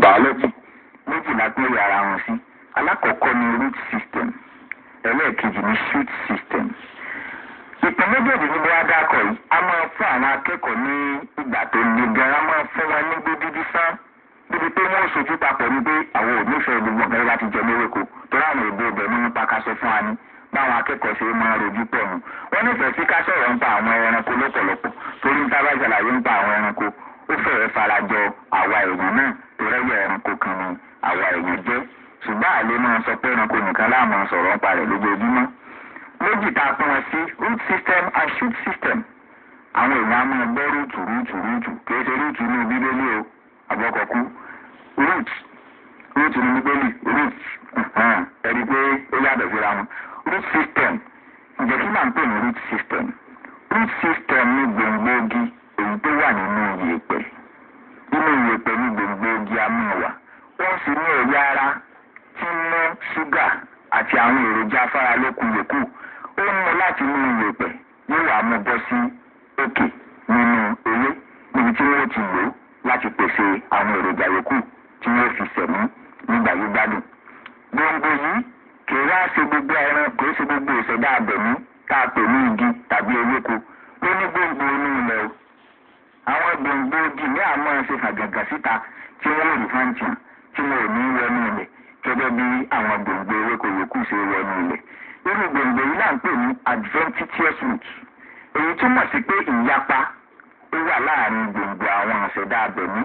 biology méjìlá gbórí ara wọn sí alákọ̀ọ́kọ́ ni root system ẹlẹ́ẹ̀kejì ni shoot system ìpín méjèèjì ní bí wọ́n dákọ̀ yìí a máa fún àwọn akẹ́kọ̀ọ́ ní ìgbà tó le gan a máa fún wọn ní gbódúdú sán níbi pé wọ́n sojú papọ̀ ní pé àwọn ò nífẹ̀ẹ́ gbogbo ọ̀gá láti jẹ mérekò tó ráwọn èdè ọbẹ̀ ní nípa fún wa ní báwọn akẹ́kọ̀ọ́ ṣe máa rojú pọ̀ mu wọ́n nífẹ̀ẹ́ sí ká sọ̀rọ̀ nípa àwọn ẹranko lọ́pọ̀lọpọ̀ torí ń tábàjàlàyé nípa àwọn ẹranko ó fẹ́rẹ̀ẹ́ farajọ àwa èèyàn náà ìrẹ́wẹ̀ ẹranko kan ni àwa ìwé jẹ́ ṣùgbọ́n àlè máa sọ pé ẹranko nìkan láàmú sọ̀rọ̀ nípa rẹ̀ lójoojúmọ́ méjì tá a pín wọn sí root system and shoot system àwọn èèyàn á máa gbọ́ rúùtù rúùtù rúùtù kìí ṣe rúùtù inú bíbélì o àbọ̀kọ̀kú root root inú bíbélì root ẹ̀rí pé ó yàtọ̀ síra wọn root system ǹjẹ́ kí là ń pè ní root system root system ní gbòǹgbò igi èyí tó wà nínú yèèpẹ̀ nínú ìwé pẹ̀lú gbogbo ogi amúnwà wọ́n sì ní ẹ̀yà ara tí ń mọ́ ṣúgà àti àwọn èròjà afáralókun yòókù ó ń mọ láti inú ìyèpẹ̀ yóò wá mú bọ́ sí òkè nínú ewé níbi tí wọ́n ti lò ó láti pèsè àwọn èròjà yòókù tí wọ́n fi sẹ̀mí nígbà yóò gbádùn. gbòǹgbò yìí kì í ẹran kì ṣe gbogbo ìṣẹ̀dá abẹ̀mí tá a pè ní igi tàbí ewéko gbogbo odi ní àwọn ẹsẹ̀ fàgàgà síta tí wọ́n lè fáǹtì tí wọ́n ò ní wọnú ilẹ̀ gẹ́gẹ́ bí àwọn gbòǹgbò ewéko yòókù ṣe wọnú ilẹ̀ irú gbòǹgbò yìí là ń pè ní adventitious root èyí túmọ̀ sí pé ìyapa ó wà láàrin gbòǹgbò àwọn àṣẹ̀dá abẹ̀mí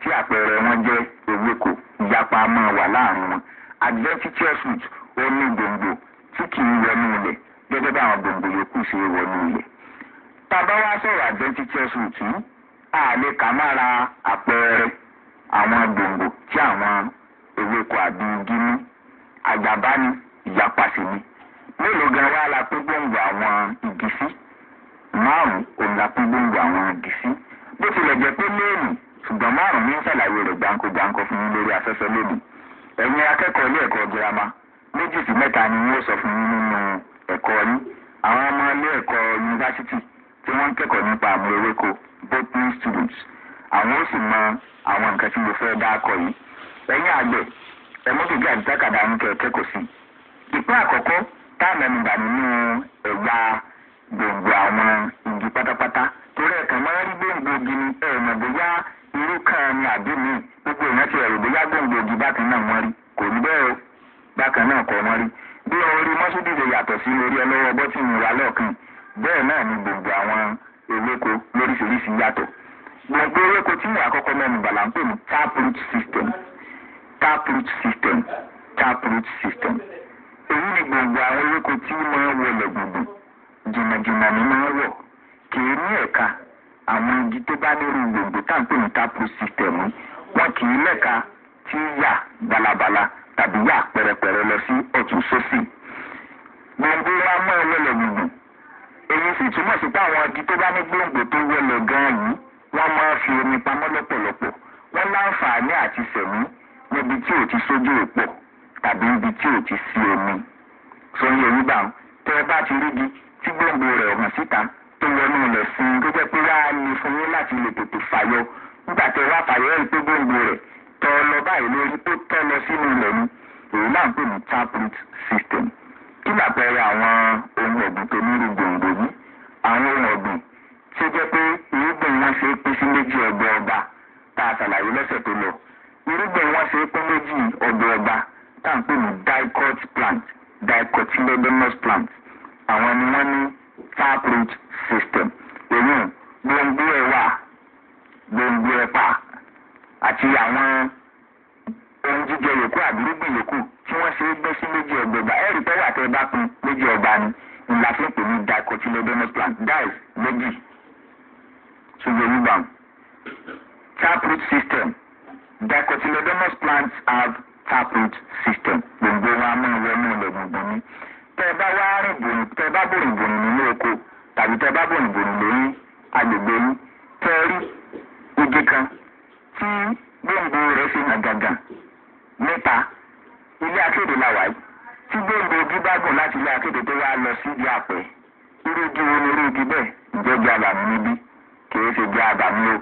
tí àpẹẹrẹ wọn jẹ́ ewéko ìyapa máa wà láàrin wọn adventitious root ó ní gbòǹgbò tí kì í wọnú ilẹ̀ gẹ́gẹ́ bí àwọn gbòǹgbò yòókù ṣe wọnú ilẹ̀ tá wá sọ̀rọ̀ adventitious root yìí àlekà mára àpẹẹrẹ àwọn gbòǹgbò tí àwọn ewéko àbí igi ní àjàbá ni ìyapa sì ni mélòó gan wá la pín gbòǹgbò àwọn igi sí márùn òun la pín gbòǹgbò àwọn igi sí bó tilẹ̀ jẹ́ pé léèmù ṣùgbọ́n márùn ní ṣàlàyé rẹ̀ gbáǹkógbáǹkó fún yín lórí afẹ́fẹ́ lónìí ẹ̀yin akẹ́kọ̀ọ́ ilé ẹ̀kọ́ girama méjì sí mẹ́ta ni wọ́n sọ fún yín nínú ẹ̀kọ́ yín àwọn ọmọ ilé ẹ̀kọ́ yunifásitì tí wọ́n ń kẹ́kọ̀ọ́ nípa àmì ewéko deputy students àwọn ó sì mọ àwọn nǹkan tí mo fẹ́ dá akọ yìí ẹ̀yin àgbẹ̀ ẹ mọ́tò bí àdìtàkàdá ń kẹ̀kẹ́ gbogbo sí. ìpín àkọ́kọ́ tá a mẹ́nu bà nínú ẹ̀yà gbòǹgbò àwọn igi pátápátá torí ẹ̀ka máa ń rí gbòǹgbò igi ni bóyá irú kan ni àbí mi gbogbo ìrántí ẹ̀rọ bóyá gbòǹgbò igi bákan náà wọ́n rí kò bẹ́ẹ̀ bákan náà kọ́ wọ́n rí bí sì túmọ̀ sí pé àwọn igi tó bá ní gbòǹgbò tó wọlé gan yìí wọ́n máa ń fi omi pamọ́ lọ́pọ̀lọpọ̀ wọ́n láǹfààní àti sẹ̀mí níbi tí ò ti sójú òpó tàbí ibi tí ò ti sí omi sóyè yíbà tẹ ẹ bá ti rígi tí gbòǹgbò rẹ̀ hàn síta tó wọnú ilẹ̀ sí i tó jẹ́ pé wàá lè fún yín láti lè tètè fàyọ nígbà tẹ wá fàyọ ẹ̀ pé gbòǹgbò rẹ̀ tọ́ lọ báyìí lórí tó tọ́ lọ sínú ilẹ̀ ni èyí náà ń pè ní taproot system kí làpẹẹrẹ àwọn ohun ọ̀gbìn tó ní gbòǹgbò yìí àwọn ọ̀dùn tí ó jẹ́ pé irúgbìn wọn ṣe pín sí méjì ọ̀dọ̀ ọba tá a ṣàlàyé lọ́sẹ̀ tó lọ irúgbìn wọn ṣe méjì ọ̀dọ̀ ọba tá dicot plant dicotyledonous plant àwọn ni wọ́n ní taproot system èmi gbòǹgbò ẹ̀ wà gbòǹgbò ẹ̀ pa àti àwọn ohun jíjẹ yòókù ọba ẹ̀rí ọba ni. ìlàfẹ́ pè ní dicotyledonous plant dice méjì ṣùgbọ́n nígbà taproot system dicotyledonous plants have taproot system gbòǹgbò wọn a máa wọnú ilẹ̀ gbòǹgbò ní tẹ bá wá rìn bòrìn tẹ bá bòrìn bòrìn nínú oko tàbí tẹ bá bòrìn bòrìn lórí agbègbè yín tẹ rí igi kan tí gbòǹgbò rẹ̀ láti ilé akéde tó lọ síbi àpẹ irú igi wo ni irú igi bẹ́ẹ̀ ǹjẹ́ jẹ́ àbàmì níbí kìí ṣe jẹ́ àbàmì o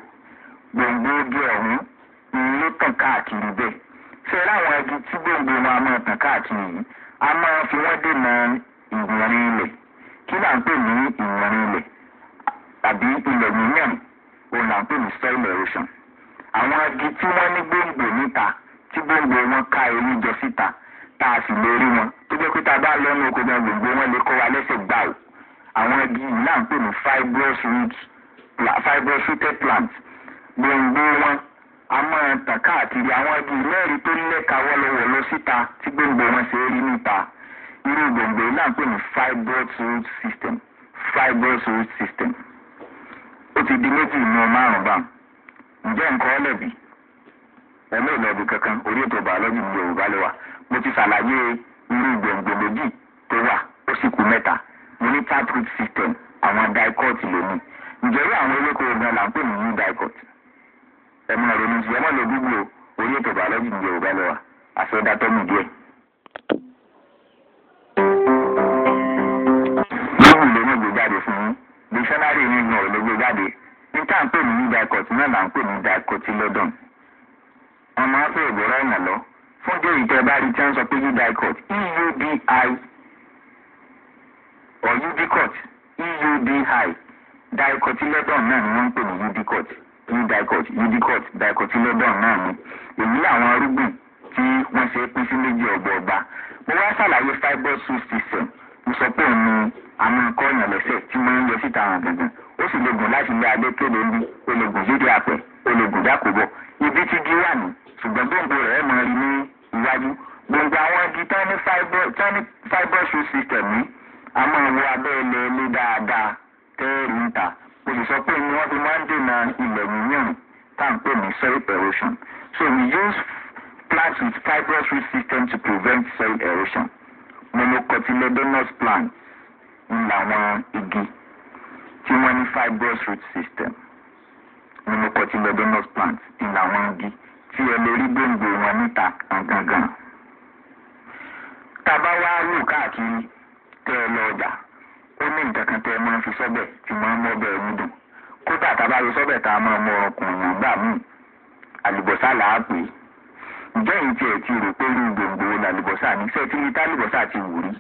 gbòǹgbò igi ọ̀hún ló tàn káàkiri bẹ́ẹ̀ ṣe láwọn tí gbòǹgbò máa tàn káàkiri yìí a máa fi wọn dènà ìwọ̀nrin ilẹ̀ kí là ń pè ní tàbí òun là ń pè ní soil erosion àwọn tí ní gbòǹgbò níta tí wọn ká tá a sì lè rí wọn tó jẹ́ pé tá a bá lọ́nu oko gan gbogbo wọn lè kọ́ wa lẹ́sẹ̀ gbà o àwọn igi yìí là ń pè ní fibrous root fibrous rooted plant gbòǹgbò wọn a máa tàn káàkiri àwọn igi mẹ́rin tó lẹ́ka wọ́lọ́wọ́lọ́ síta tí gbòǹgbò wọn ṣe rí níta irú gbòǹgbò yìí là ń pè ní fibrous root system fibrous root system ó ti di méjì nù márùn-ún bá ǹjẹ́ nǹkan ọ̀lẹ́bí. ẹ̀mí ìlọ́ọ̀bù kankan orí ètò bàọ́lọ́jì ní yorùbá ló mo ti ṣàlàyé irú gbòǹgbò méjì tó wà ó sì kú mẹ́ta mo ní system àwọn dicot lónìí ìjọba àwọn eléko ogun là ń pè ní new dicot ẹ̀mí ọ̀rọ̀ mi ti ẹ̀mọ́ lè dúgbò orí ètò bàọ́lọ́jì ní yorùbá ló wà mi díẹ̀. ló gbé jáde fún yín dictionary ọmọ afẹ́ ìbọ̀rọ̀ ọ̀nà lọ fún déyìí tẹ́ bá rí tí wọ́n sọ pé udi court eudi or udi court eudi dicotyledon náà ni wọ́n ń pè ní udi court udicot udicot dicotyledon náà ni èyí làwọn arúgbìn tí wọ́n ṣe pín sí méjì ọgbọọgba mo wá ṣàlàyé fibrous root system mo sọ pé òun ni àwọn nǹkan ọ̀yàn lẹ́sẹ̀ tí wọ́n ń yọ síta àwọn gbọ̀ngàn ó sì lè gùn láti ilé adé kéde ní ó lè gùn yídí àpẹ̀ o lè ibi tí igi wà ní ṣùgbọ́n gbòǹgbò rẹ̀ mọ rí ní iwájú gbogbo àwọn igi tán ní fibrous root system a máa wo abẹ́ ilẹ̀ ilé dáadáa tẹ́ẹ̀rì ń ta o sì sọ pé ni wọ́n fi máa ń dènà ilẹ̀ yíyàn tá ní soil erosion so we use plants with fibrous root system to prevent soil erosion monocotyledonous plants ń làwọn igi tí wọ́n ní fibrous root system òun kọ ti lebanus plant ti làwọn igi tí ẹ lè rí gbòǹgbò wọn níta gangan. tábà wá wò káàkiri tẹ ẹ lọ ọjà ó ní nǹkan kan tẹ ẹ máa ń fi sọ́bẹ̀ tí máa ń mú ọbẹ̀ ẹ̀mú dùn kódà tábà lọ sọ́bẹ̀ tá a máa mọ ọkùnrin àgbà mú àlùbọ́sà là pè é ǹjẹ́ ìyí tiẹ̀ ti rò pé irú gbòǹgbò làlùbọ́sà ní sẹ́ẹ̀ tí ní tálùbọ́sà ti wù rí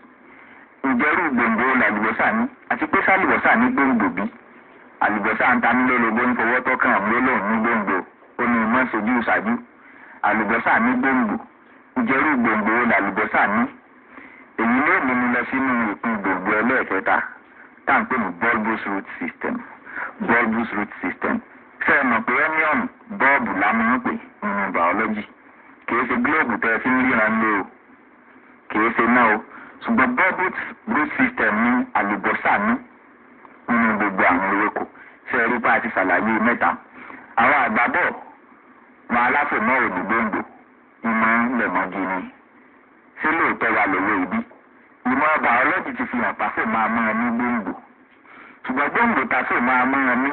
ǹjẹ́ irú gbòǹgbò làlùbọ́sà ní àti pé sálùbọ́sà ní gbòǹgbò bíi àlùbọ́sà ń ta nílé lóbó ń fọwọ́ tọ́kàn gbólóhùn ní gbòǹgbò ó ní mọ́ ṣojú ṣáájú àlùbọ́sà ní gbòǹgbò ìjẹ́rú gbòǹgbò ó làlùbọ́sà ní èyí ló mú mi lọ sínú ìpín gbòǹgbò ẹlẹ́ẹ̀kẹta tá à ń pè ní bulbous root system bulbous root system ṣe é mọ̀ pé onion bọ́ọ̀bù lámúnú pé nínú biology kìí ṣe gílóòbù tẹ́ ẹ fi ń ríran lé o kìí ṣe náà o ṣùgbọ́n bulbous root system ní àlùbọ́sà ní nínú gbogbo àwọn pa àti ṣàlàyé mẹ́ta àwọn àgbàbọ̀ wọn aláfòmọ́ òdòdóńdò ìmọ̀ lẹ̀mọ́gi ni ṣé lóòótọ́ wa lòwe ìbí ìmọ̀ bàọ́lọ́jì ti fi hàn pàṣẹ máa mọ́ ọ ní gbòǹgbò ṣùgbọ́n gbòǹgbò pàṣẹ máa mọ́ ọ ní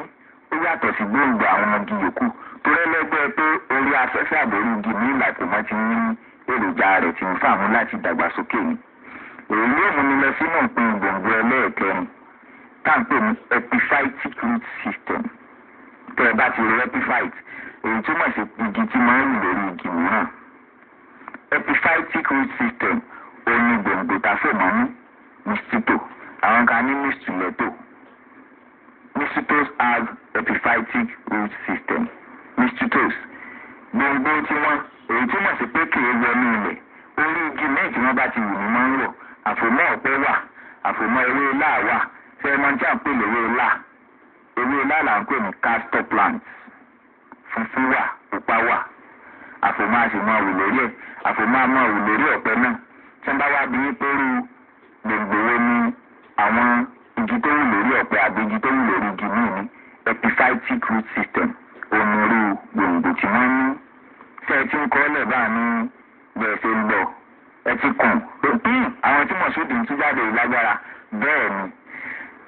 ó yàtọ̀ sí gbòǹgbò àwọn ọmọge yòókù tó rẹ́lẹ́gbẹ́ pé orí afẹ́fẹ́ àbórí igi ní ìlàkùnmọ́ ti ní èròjà rẹ̀ ti ń fàmú láti dàgbàsókè ni èyí yóò mú mi lọ sínú ìpín gbòǹgbò ẹlẹ́ẹ̀kẹrin tá ní epiphytic root system tẹ ẹ bá ti rí epiphyte èyí túmọ̀ sí igi tí máa ń lórí igi mìíràn epiphytic root system òní gbòǹgbò tá a fò mọ́ ní mosquito àwọn kan ní mistuleto mosquitoes have epiphytic root system mosquitoes gbòǹgbò tí wọ́n èyí túmọ̀ sí pé kì í wọnú ilẹ̀ orí igi mẹ́ẹ̀ tí wọ́n bá ti wù ní máa ń wọ̀ àfòmọ́ ọ̀pẹ wà àfòmọ́ ewé láà pé ẹ máa ń jẹ́ àpè lówó ńlá ewé ńlá là ń pè ní castor plant funfun wà pupa wà àfòmọ́ àṣìmọ́ àwò lórí ẹ̀ àfòmọ́ àmọ́ àwò lórí ọ̀pẹ náà tí wọ́n bá wá bí nítorí gbòǹgbòwò ni àwọn igi tó wù lórí ọ̀pẹ àbí igi tó wù lórí igi míì ní epiphytic root system onírú gbòǹgbò tí wọ́n ní tí ẹ ti ń kọ́ lẹ̀ bá ní bẹ̀rẹ̀ ṣe ń bọ̀ ẹ ti kùn hmm, àwọn tí mọ̀ṣúdì ń tú jáde ìlágbára bẹ́ẹ̀ ni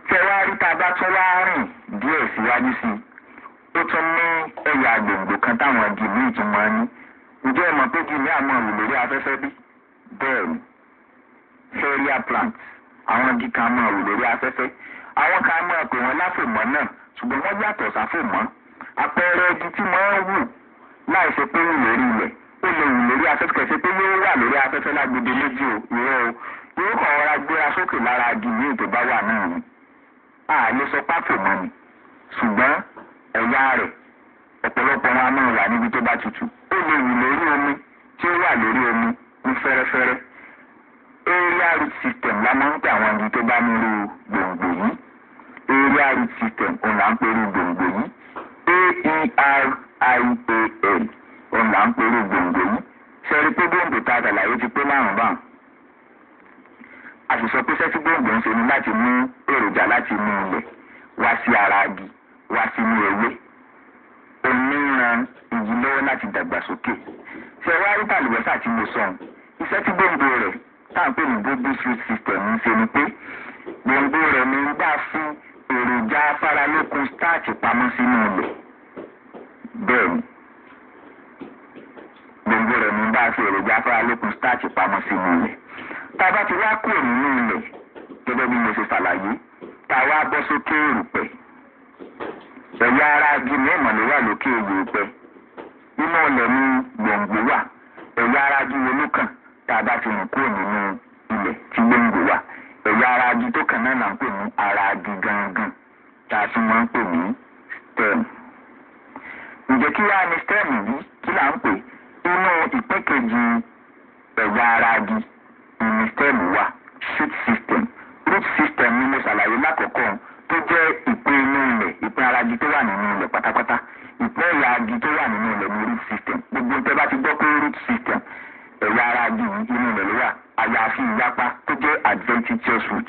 tẹwárí tá a bá tún wá rìn díẹ̀ síwájú sí i ó tún mú ẹ̀yà gbòǹgbò kan táwọn igi míì ní ǹjẹ́ ẹ mọ̀ pé igi àmọ́ òwò afẹ́fẹ́ bí bẹ́ẹ̀ ni failure plant àwọn igi kan máa wò lórí afẹ́fẹ́ àwọn kan máa pè wọ́n láfòmọ́ náà ṣùgbọ́n wọ́n yàtọ̀ sáfòmọ́ àpẹẹrẹ igi tí wọ́n ń wù láì ṣe pé wù lórí ilẹ̀ ó lè wù lórí afẹ́fẹ́ kẹsẹ́ pé yóò wà lórí afẹ́fẹ́ lágbede méjì ìrọ̀ o yóò kàn rọra gbéra sókè lára igi míì náà ni àlè sọ pákó mọ́ ni ṣùgbọ́n ẹ̀yà rẹ̀ ọ̀pọ̀lọpọ̀ wọn a máa wà níbi tó bá tutù ó lè wù lórí omi tí ó wà lórí omi ní fẹ́rẹ́fẹ́rẹ́ area root system la máa ń pè àwọn ibi tó bá ní irú gbòǹgbò yìí area root system òun là ń pè irú gbòǹgbò yìí aerial òun là ń pè gbòǹgbò yìí ṣe rí pé gbòǹgbò tá a tàlàyé ti pé márùn-ún àṣìṣe pé sẹ́tí gbòǹgbò ń ṣe ni láti mú èròjà láti inú ilẹ̀ wá sí ara agi wá sínú ewé oníran igi lọ́wọ́ láti dàgbàsókè ṣe wá rí tàlùbọ́sà tí mo sọ iṣẹ́ tí gbòǹgbò rẹ̀ tá à ń pè ní gbogbo street system ń ṣe ni pé gbòǹgbò rẹ̀ ni ń dá fún èròjà afáralókun stáàtì pamọ́ sínú ilẹ̀ bẹ́ẹ̀ ni gbòǹgbò rẹ̀ ni ń dá fún èròjà afáralókun stáàtì pamọ́ sínú ilẹ̀. tá bá ti wá kúrò nínú ilẹ̀ gẹ́gẹ́ bí mo ṣe ṣàlàyé tá wá bọ́ sókè èrùpẹ̀ ẹ̀yà ara igi mẹ́mọ̀ wà lókè èrùpẹ̀ nínú ọ̀lẹ̀ ní gbòǹgbò wà ẹ̀yà ara igi wo ló ti rìn kúrò gangan tá a máa stem ǹjẹ́ kí wàá ní stem yìí kí là ń pè inú ministẹ́ẹ̀lì wa shoot system root system ni mo ṣàlàyé lákọ̀ọ́kọ́ tó jẹ́ ìpín inú ilẹ̀ ìpín aragi tó wà nínú ilẹ̀ pátápátá ìpín ẹ̀yà agi tó wà nínú ilẹ̀ ni root system gbogbo tẹ́ bá ti gbọ́ pé root system ẹ̀yà ara agi inú ilẹ̀ ló wà àyàfi ìyapa tó jẹ́ adventitious root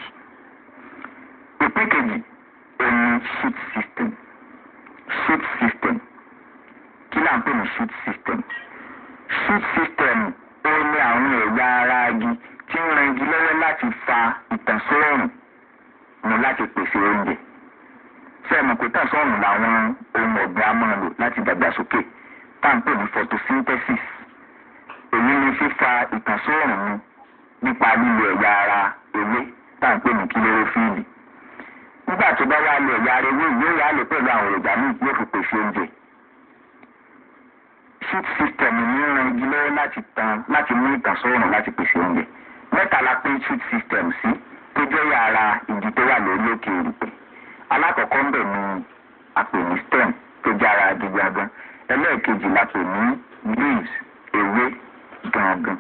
ìpín kejì òní shoot system shoot system kí là ń pè ní shoot system shoot system ó ní àwọn ẹ̀yà ara tí ń ran igi lọ́wọ́ láti fa ìtànsóòrùn ni láti pèsè oúnjẹ sẹ́ẹ̀mù pé tànsóòrùn làwọn ohun ọ̀gbìn a máa lò láti dàgbàsókè tá à ń pè ní photosynthesis èyí ni fífa ìtànsóòrùn mu nípa lílo ẹ̀yà ara ewé tá à ń pè ní kílórófíìlì nígbà tó bá wá lo ẹ̀yà ara ewé yóò yá lò pẹ̀lú àwọn èròjà míì yóò fi pèsè oúnjẹ sheet system ní ń ran igi lọ́wọ́ láti mú ìtànsóòrùn láti pèsè oúnjẹ mẹ́tàlá pé food system sí tó jẹ́ yàrá ìdí tó wà lórí òkè èrìpè alákọ̀ọ́kọ́ ń bẹ̀ ní àpè ní stem tó jẹ́ ara adigun ẹlẹ́ẹ̀kejì la pè ní leaves ewé gangan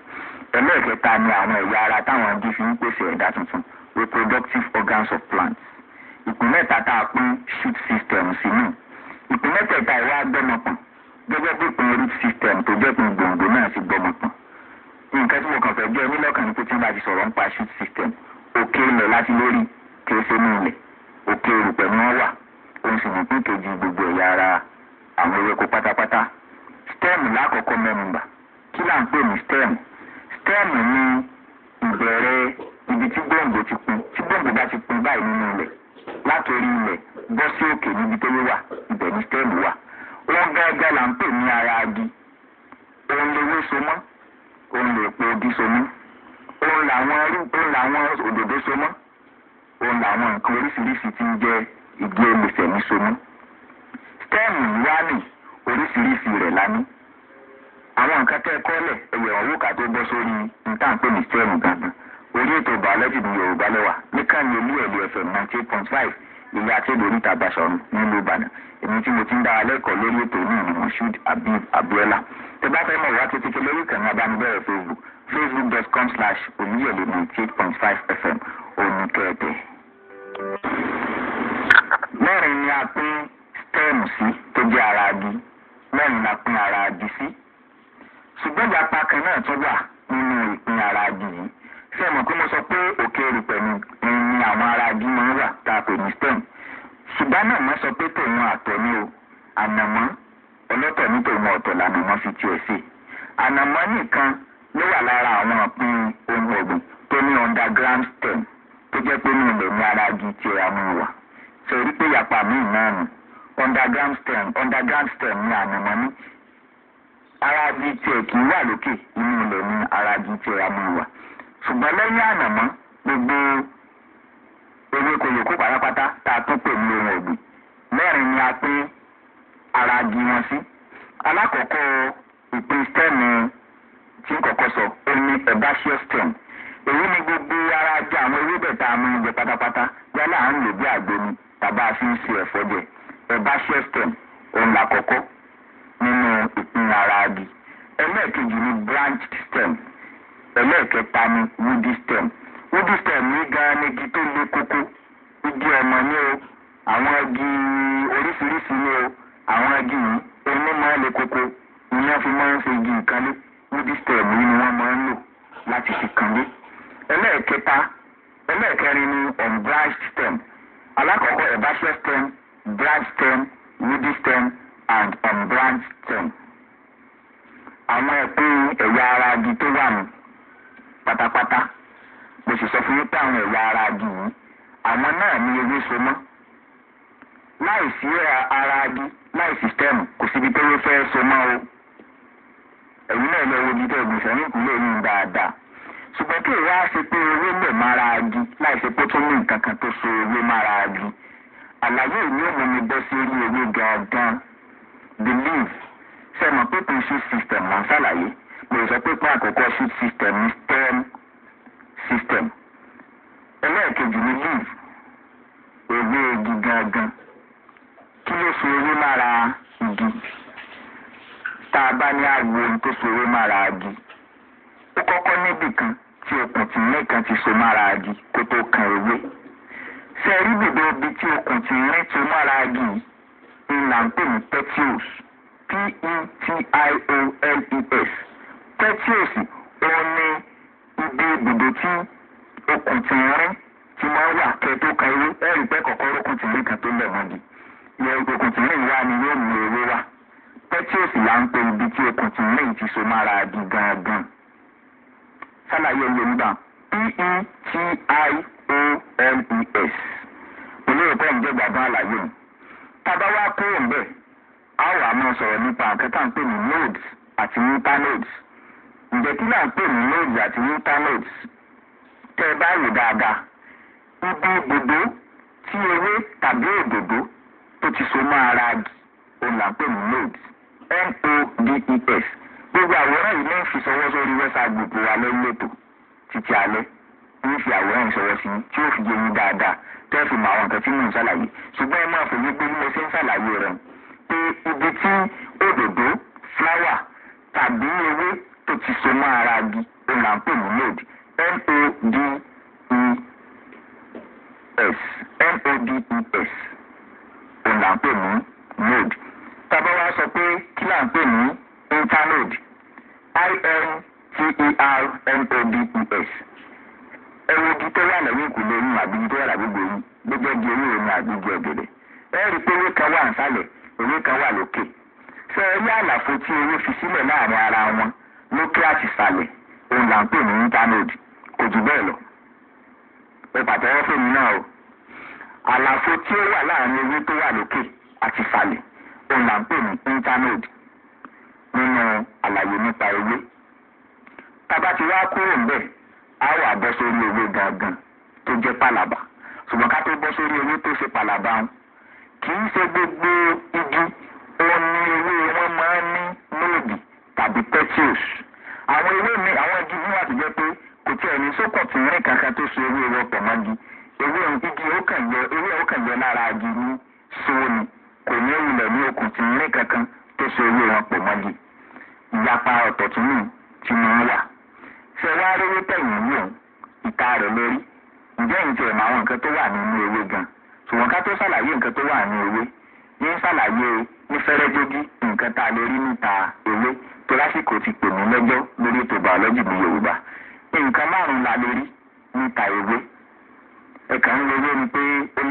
ẹlẹ́ẹ̀kẹta ni àwọn ẹ̀yà ara táwọn igi fi ń pèsè ẹ̀dá tuntun reproductive organs of plants ìpín mẹ́ta tá a pín shoot system sí nù ìpín mẹ́tẹ̀ẹ̀ta ìwà gbọ́mọpọ̀ gẹ́gẹ́ bí ìpín root system tó jẹ́ ìpín gbòǹgbò náà ti gbọ́mọpọ̀ nǹkan tí mo kàn fẹ́ gbé ẹni lọ́kàn ni pé tí wọ́n bá ti sọ̀rọ̀ ń pa shoot system òkè ilẹ̀ láti lórí kì í ṣe ilẹ̀ òkè erùpẹ̀ ni wọ́n wà ó sì ní pín kejì gbogbo ẹ̀yà ara àwọn ewéko pátápátá stem lákọ̀ọ́kọ́ mẹ́mùbà kí là ń pè ní stem stem ni ìbẹ̀rẹ̀ ibi tí gbòǹgbò ti pin tí gbòǹgbò bá ti pin báyìí nínú ilẹ̀ látòrí ilẹ̀ bọ́ sí òkè níbi tó wà ibẹ̀ ni stem wà ó gẹ́gẹ́ là ń pè ní ara agi òun lewé so mọ́ òun lè pe odi so òun làwọn òun làwọn òdòdó so òun làwọn nǹkan oríṣiríṣi tí ń jẹ́ igi stem wá nì oríṣiríṣi rẹ̀ lání àwọn nǹkan tẹ́ kọ́lẹ̀ ẹ̀yẹ̀ ọ̀wọ́kà tó bọ́ sórí ntàǹpé ní stem gangan orí ètò biology ní Yorùbá lẹ́wà níkànnì olú ẹ̀lú ẹ̀fẹ̀ èmi àti ìgbòrí tàgbà sọ̀rọ̀ nílùú ìbàdàn èmi tí mo ti ń dára lẹ́kọ̀ọ́ lórí ètò ní ìlú moshood abib abiola tó bá fẹ́ mọ̀ wá títí pé lórí ìkànnì abánibẹ̀rẹ̀ facebook facebook.com slash omiyele ninety eight point five fm omi kẹ̀tẹ̀. mẹ́rin ni a pín stem sí tó jẹ́ ara adi mẹ́rin la pín ara adi sí ṣùgbọ́n ìjàpá kan náà tó wà nínú ìpín ara adi yìí ṣé ẹ mo sọ pé òkè rìpẹ̀ ni ni àwọn ará ajúmọ̀ wà tá a pè ní stem ṣùgbọ́n náà wọ́n sọ pé tòun àtọ̀ ni o ànàmọ́ ọlọ́tọ̀ ní tòun ọ̀tọ̀ lànàmọ́ fi tiẹ̀ sí ànàmọ́ nìkan ló wà lára àwọn ọ̀pìn ohun ọ̀gbìn tó ní underground stem tó jẹ́ pé ní ilẹ̀ ní ara igi tiẹ̀ àmú wà sọ̀rí pé yàpá míì náà nù underground stem underground stem ni ànàmọ́ ní ara igi tiẹ̀ kì í wà lókè inú ilẹ̀ ní ara igi tiẹ̀ àmú wà ṣùgbọ́n lẹ́yìn ànàmọ́ gbogbo. ewéko yòókù pátápátá tá a tún pè ní ohun ọ̀gbìn mẹ́rin ni a pín ara gi wọn sí. alákọ̀ọ́kọ́ ìpín stem tí n kọ́kọ́ sọ ó herbaceous stem èyí ni gbogbo ara ajá àwọn ewébẹ̀ tá a mú jẹ pátápátá yálà à ń lò bí àgbo ni a fi ń ṣe ẹ̀fọ́ jẹ herbaceous stem nínú ìpín ara igi ẹlẹ́ẹ̀kejì ni branched wigistem yìí gan ni igi tó le koko igi ọmọ ni o àwọn igi oríṣiríṣi ni o àwọn igi yìí ẹni máa le koko ni wọ́n fi máa ń ṣe igi ìkànnì wigistem yìí ni wọ́n máa ń lò láti fi kànnì ẹlẹ́ẹ̀kẹta ẹlẹ́ẹ̀kẹrin ni unbranched stem alákọ̀ọ́kọ́ herbaceous stem branched stem woody stem and unbranched stem àwọn ẹ̀pẹ́ ẹ̀yà ara igi tó wà nù pátápátá mo sì sọ fún yín pé àwọn ẹ̀wà ara adi yìí àwọn náà ní ewé so mọ́ láì sí ara adi láì sísítẹ́ẹ̀mù kò síbi tó wé fẹ́ so mọ́ o ẹ̀yin náà lọ wo ibi tó gbìn sẹ́yìn ìpínlẹ̀ yìí dáadáa ṣùgbọ́n kí ìwá ṣe pé ewé lè mára adi láì ṣe pé tó ní nǹkan kan tó so ewé mára adi àlàyé ìní òmìnir bọ́ sí orí ewé gangan believe sẹ́mọ̀ pé kò sí system là ń ṣàlàyé mo sọ pé pé àkọ́kọ́ sí system stem system ẹlẹ́ẹ̀kejì ni leave ewé igi gangan kí ló so ewé mára igi tá a bá ní àgbo ohun tó so ewé mára igi ó kọ́kọ́ níbì kan tí okùn tì ní kan ti so mára igi kó tó kan ewé ṣe rí bèbè ibi tí okùn tì ní so mára igi ń là petios p e t i o l e s petios òun ni. gbogbo ibùdó tí okùn ti rí tí máa wà kẹ ka irú ẹ̀rí pẹ́ rí kan tó yẹ okùn rí wá ni yóò mú ewé wá òsì ibi tí okùn rí ti so mára di gangan sálàyé yorùbá p-e-t-i-o-m-e-s olóyè pẹ́ ǹjẹ́ gbàgbọ́n àlàyé tábà wá ń wà á sọ̀rọ̀ nípa ń pè nodes àti internodes. ǹjẹ́ kí là ń pè ní lóòdù àti internet tẹ́ ẹ bá rò dáadáa ibi òdòdó tí ewé tàbí òdòdó tó ti so mọ́ ara igi òun là ń pè ní lóòdù n-o-d-e-s gbogbo àwòrán yìí ló ń fi sọwọ́ sórí wẹ́sà gbogbo wa lọ́lẹ́tò títí alẹ́ ń fi àwòrán yìí sọwọ́ sí tí ó fi yé yín dáadáa tẹ́ fi mọ àwọn nǹkan tí mò ń ṣàlàyé ṣùgbọ́n ẹ máa fòye pé mo ṣe ń ṣàlàyé rẹ̀ pé ibi tí òdòdó fúláwà tàbí ti so mọ́ ara igi ó là ń pè ní mold m-o-d-e-s m-o-d-e-s ó là ń pè ní mold tábà wá sọ pé kí là ń pè ní interlode i-n-t-e-r-m-o-d-e-s ẹ wo igi tó wà lẹ́yìn ìkùlé yín àbí igi tó wà lágbègbè yín gbẹgbẹ́ di ewé omi àbí igi ọ̀gẹ̀dẹ̀ ẹ rí i pé ewé kan wà nísàlẹ̀ ewé kan wà lókè sọ ẹ ní àlàfo tí ewé fi sílẹ̀ láàrin ara wọn lókè àṣìṣàlẹ̀ òun là ń pè ní íńtánẹ́ẹ̀tì kò jù bẹ́ẹ̀ lọ. ẹ pàtẹ́wọ́ fèmí náà o àlàfo tí ó wà láàrin ewé tó wà lókè àti ìsàlẹ̀ òun là ń pè ní íńtánẹ́ẹ̀tì nínú àlàyé nípa ewé. tábà ti wá kúrò ń bẹ̀ á wà bọ́ sórí ewé gangan tó jẹ́ pàlàbà ṣùgbọ́n ká tó bọ́ sórí ewé tó ṣe pàlàbà kì í ṣe gbogbo igi òun ni ewé wọn máa ń ní. àbí petals àwọn ewé mi àwọn igi wa ti jẹ́ pé kò tí ẹni sókàn tí rìn kankan tó so ewé rọ pọ̀ mọ́gi ewé igi ó kàn yọ ewé ó kàn yọ lára igi ní ni kò ní ìwúlẹ̀ ní okùn rìn kankan tó so ewé wọn pọ̀ mọ́gi ìyapa ọ̀tọ̀ tún nù tí mo wà ṣe wá rówó tẹ̀yìn ní òun ìta lórí ìmọ̀ àwọn nǹkan tó wà nínú ewé gan ń ṣàlàyé ní fẹ́rẹ́gógí nǹkan tá a lè rí níta ewé tó lásìkò ti pè mí lọ́jọ́ lórí ètò bàọ́lọ́jì ní yorùbá nǹkan márùn-ún la lè rí níta ewé ẹ̀ka ń ni pé ó ni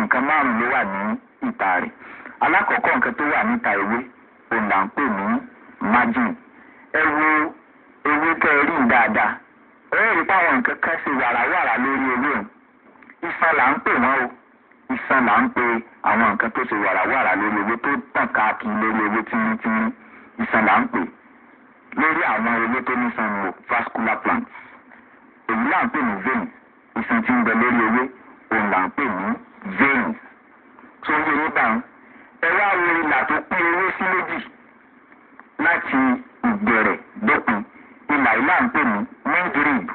nǹkan márùn-ún ló wà ní ìta rẹ̀ alákọ̀ọ́kọ́ nǹkan tó wà níta ewé òun là ń pè ní ẹ wo ewé ẹ rí nǹkan kan lórí ewé là ń pè o. ń sànmà ń pe àwọn nǹkan tó ṣe wàràwàrà lórí ewé tó tàn káàkiri lórí ewé tínítínní ìsànmà ń pè lórí àwọn ewé tó ní sanwó vascular plants èyí là ń pè ní vein iṣan tí ń bẹ lórí ewé òun là ń pè ní vein tó ń yẹrẹ bá ń ẹ wá wo ìlà tó pín ewé sí méjì láti ìgbẹ̀rẹ̀ dópin ìlà ìlà ń pè ní midrib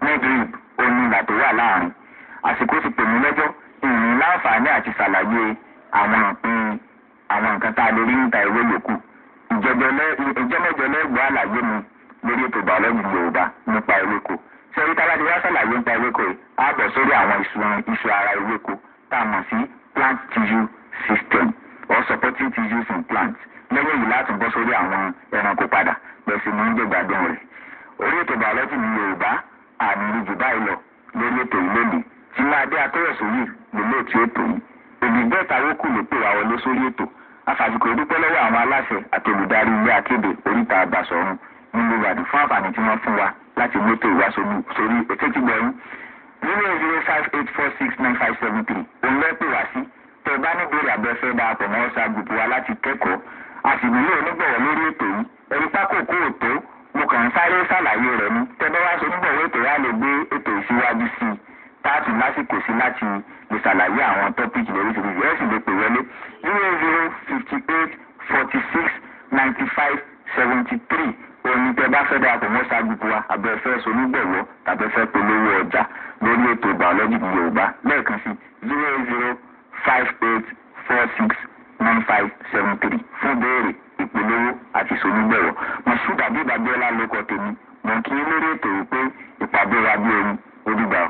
nídìí omi ìlà tó wà láàrin àsìkò sì pè mí lọ́jọ́ ìrìn láǹfààní àti ṣàlàyé àwọn ìpín àwọn nǹkan tá a lè rí níta ìwé yòókù ìjọ́mẹ́jọ lẹ́gbọ̀ọ́ àlàyé mi lórí ètò ìbàlọ́ọ̀gì yorùbá nípa ewéko sẹ́rí tá a ti wá ṣàlàyé nípa ewéko yìí á bọ̀ sórí àwọn iṣu ara ewéko tá a mọ̀ sí plant tissue system or supporting tissues in plants lẹ́yìn yìí láti bọ́ sórí àwọn ẹranko padà. kẹ́kọ̀ọ́ a sì nílò onígbọ̀wọ́ lórí ètò yìí ẹni pákòkò òtó mo kàn ń sáré ṣàlàyé rẹ̀ ni tẹ́lẹ̀ wá ṣe onígbọ̀wọ́ ètò yà lè gbé ètò ìṣíwájú sí i táàtì lásìkò sí láti lè ṣàlàyé àwọn tọ́pìkì lóríṣiríṣi ẹ̀ sì lè pè wọlé zero zero fifty eight forty six ninety five seventy three òní tẹ bá fẹ́ darapọ̀ mọ́ ṣáàgùkù wa àbẹ̀ fẹ́ ṣonígbọ̀wọ́ tàbí fẹ́ polówó ọjà lórí ètò biology yorùbá lẹ́ẹ̀kan sí zero zero five eight four six one five seven three fún béèrè ìpolówó àti ìsọnígbẹ̀wọ̀ moshood abib abiola lóko tèmi mọ̀ kí n lérè ètò wípé ìpàdé wa bí omi ó dìgbà o.